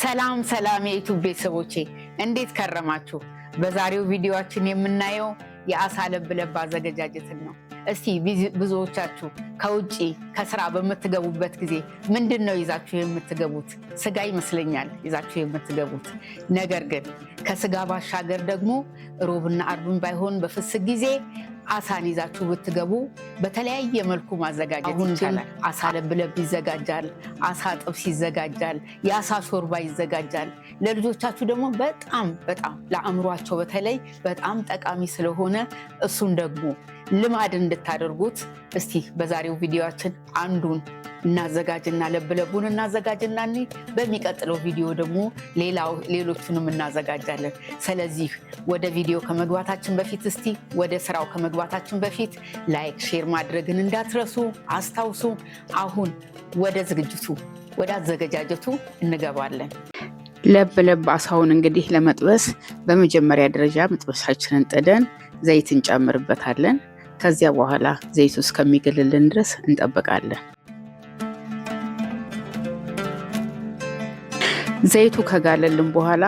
ሰላም ሰላም የዩቱብ ቤተሰቦቼ እንዴት ከረማችሁ? በዛሬው ቪዲዮችን የምናየው የአሳ ለብ አዘገጃጀትን ነው። እስቲ ብዙዎቻችሁ ከውጭ ከስራ በምትገቡበት ጊዜ ምንድን ነው ይዛችሁ የምትገቡት? ስጋ ይመስለኛል ይዛችሁ የምትገቡት። ነገር ግን ከስጋ ባሻገር ደግሞ ሮብና አርብን ባይሆን በፍስግ ጊዜ አሳን ይዛችሁ ብትገቡ በተለያየ መልኩ ማዘጋጀት ይቻላል። አሳ ለብለብ ይዘጋጃል። አሳ ጥብስ ይዘጋጃል። የአሳ ሾርባ ይዘጋጃል። ለልጆቻችሁ ደግሞ በጣም በጣም ለአእምሯቸው በተለይ በጣም ጠቃሚ ስለሆነ እሱን ደግሞ ልማድ እንድታደርጉት እስቲ በዛሬው ቪዲዮችን አንዱን እናዘጋጅና ለብለቡን እናዘጋጅና እኔ በሚቀጥለው ቪዲዮ ደግሞ ሌሎቹንም እናዘጋጃለን። ስለዚህ ወደ ቪዲዮ ከመግባታችን በፊት እስቲ ወደ ስራው ከመግባታችን በፊት ላይክ፣ ሼር ማድረግን እንዳትረሱ አስታውሱ። አሁን ወደ ዝግጅቱ ወደ አዘገጃጀቱ እንገባለን። ለብ ለብ አሳውን እንግዲህ ለመጥበስ በመጀመሪያ ደረጃ መጥበሳችንን ጥደን ዘይት እንጨምርበታለን። ከዚያ በኋላ ዘይቱ እስከሚገልልን ድረስ እንጠብቃለን። ዘይቱ ከጋለልን በኋላ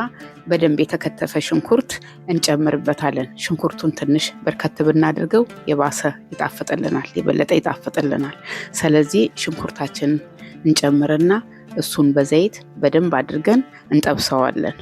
በደንብ የተከተፈ ሽንኩርት እንጨምርበታለን። ሽንኩርቱን ትንሽ በርከት ብናደርገው የባሰ ይጣፍጥልናል፣ የበለጠ ይጣፍጥልናል። ስለዚህ ሽንኩርታችንን እንጨምርና እሱን በዘይት በደንብ አድርገን እንጠብሰዋለን።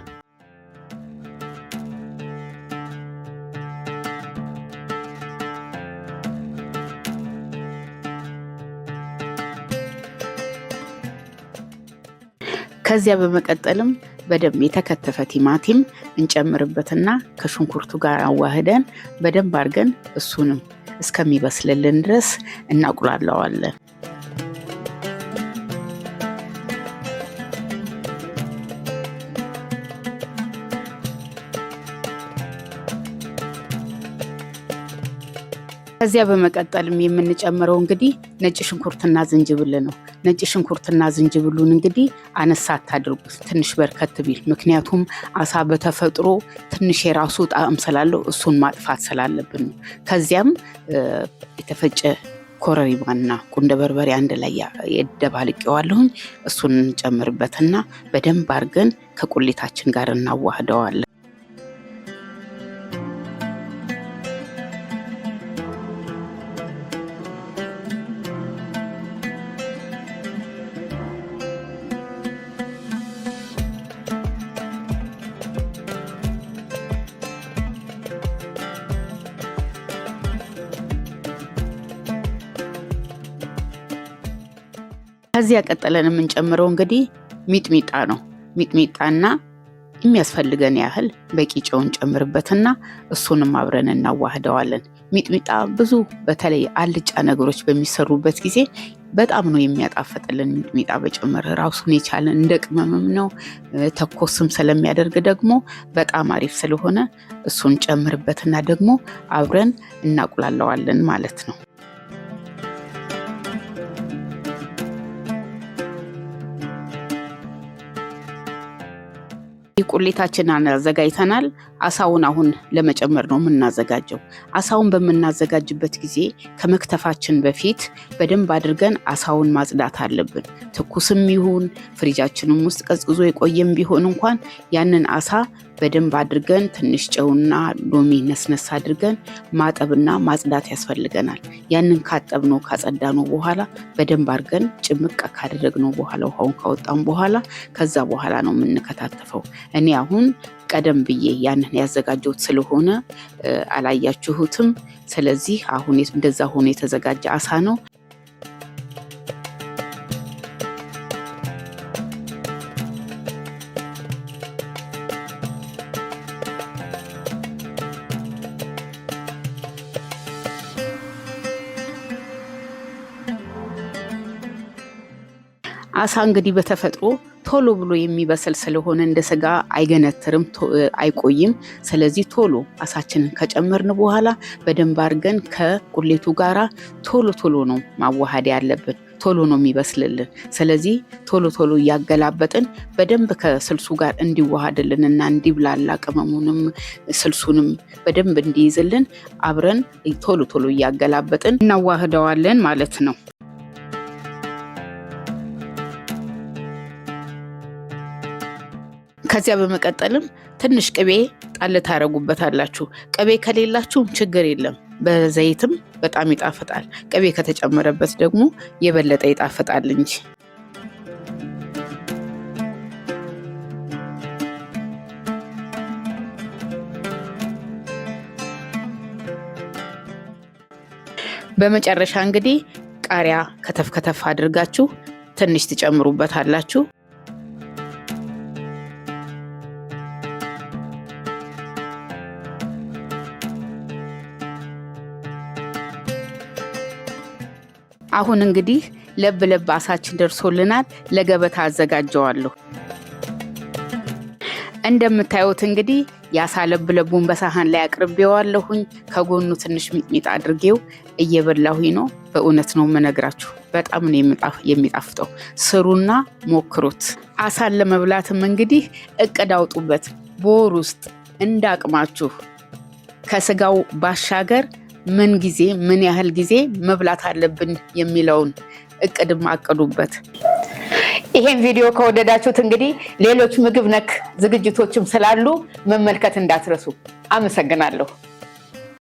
ከዚያ በመቀጠልም በደንብ የተከተፈ ቲማቲም እንጨምርበትና ከሽንኩርቱ ጋር አዋህደን በደንብ አድርገን እሱንም እስከሚበስልልን ድረስ እናቁላለዋለን። ከዚያ በመቀጠልም የምንጨምረው እንግዲህ ነጭ ሽንኩርትና ዝንጅብል ነው። ነጭ ሽንኩርትና ዝንጅብሉን እንግዲህ አነሳ አታድርጉት፣ ትንሽ በርከት ቢል። ምክንያቱም አሳ በተፈጥሮ ትንሽ የራሱ ጣዕም ስላለው እሱን ማጥፋት ስላለብን ነው። ከዚያም የተፈጨ ኮረሪማና ቁንደ በርበሬ አንድ ላይ የደባልቄዋለሁኝ። እሱን እንጨምርበትና በደንብ አድርገን ከቁሌታችን ጋር እናዋህደዋለን። ከዚያ ቀጠለን የምንጨምረው እንግዲህ ሚጥሚጣ ነው። ሚጥሚጣና የሚያስፈልገን ያህል በቂ ጨውን ጨምርበትና እሱንም አብረን እናዋህደዋለን። ሚጥሚጣ ብዙ በተለይ አልጫ ነገሮች በሚሰሩበት ጊዜ በጣም ነው የሚያጣፈጥልን። ሚጥሚጣ በጨምር ራሱን የቻለ እንደ ቅመምም ነው ተኮስም ስለሚያደርግ ደግሞ በጣም አሪፍ ስለሆነ እሱን ጨምርበትና ደግሞ አብረን እናቁላለዋለን ማለት ነው። ቁሌታችንን አዘጋጅተናል። አሳውን አሁን ለመጨመር ነው የምናዘጋጀው። አሳውን በምናዘጋጅበት ጊዜ ከመክተፋችን በፊት በደንብ አድርገን አሳውን ማጽዳት አለብን። ትኩስም ይሁን ፍሪጃችንም ውስጥ ቀዝቅዞ የቆየም ቢሆን እንኳን ያንን አሳ በደንብ አድርገን ትንሽ ጨውና ሎሚ ነስነስ አድርገን ማጠብና ማጽዳት ያስፈልገናል። ያንን ካጠብነው ካጸዳነው በኋላ በደንብ አድርገን ጭምቅ ካደረግነው በኋላ ውሃውን ካወጣን በኋላ ከዛ በኋላ ነው የምንከታተፈው። እኔ አሁን ቀደም ብዬ ያንን ያዘጋጀሁት ስለሆነ አላያችሁትም። ስለዚህ አሁን እንደዛ ሆኖ የተዘጋጀ አሳ ነው። አሳ እንግዲህ በተፈጥሮ ቶሎ ብሎ የሚበስል ስለሆነ እንደ ስጋ አይገነትርም፣ አይቆይም። ስለዚህ ቶሎ አሳችንን ከጨመርን በኋላ በደንብ አድርገን ከቁሌቱ ጋራ ቶሎ ቶሎ ነው ማዋሃድ ያለብን። ቶሎ ነው የሚበስልልን። ስለዚህ ቶሎ ቶሎ እያገላበጥን በደንብ ከስልሱ ጋር እንዲዋሃድልን እና እንዲብላላ ቅመሙንም ስልሱንም በደንብ እንዲይዝልን አብረን ቶሎ ቶሎ እያገላበጥን እናዋህደዋለን ማለት ነው። ከዚያ በመቀጠልም ትንሽ ቅቤ ጣል ታደረጉበታላችሁ። ቅቤ ከሌላችሁም ችግር የለም። በዘይትም በጣም ይጣፍጣል። ቅቤ ከተጨመረበት ደግሞ የበለጠ ይጣፍጣል እንጂ በመጨረሻ እንግዲህ ቃሪያ ከተፍ ከተፍ አድርጋችሁ ትንሽ ትጨምሩበታላችሁ። አሁን እንግዲህ ለብ ለብ አሳችን ደርሶልናል። ለገበታ አዘጋጀዋለሁ። እንደምታዩት እንግዲህ የአሳ ለብ ለቡን በሳህን ላይ አቅርቤዋለሁኝ። ከጎኑ ትንሽ ሚጥሚጥ አድርጌው እየበላሁኝ ነው። በእውነት ነው የምነግራችሁ፣ በጣም ነው የሚጣፍጠው። ስሩና ሞክሩት። አሳን ለመብላትም እንግዲህ እቅድ አውጡበት። በወር ውስጥ እንዳቅማችሁ ከስጋው ባሻገር ምን ጊዜ ምን ያህል ጊዜ መብላት አለብን የሚለውን እቅድም አቅዱበት። ይሄን ቪዲዮ ከወደዳችሁት እንግዲህ ሌሎች ምግብ ነክ ዝግጅቶችም ስላሉ መመልከት እንዳትረሱ። አመሰግናለሁ።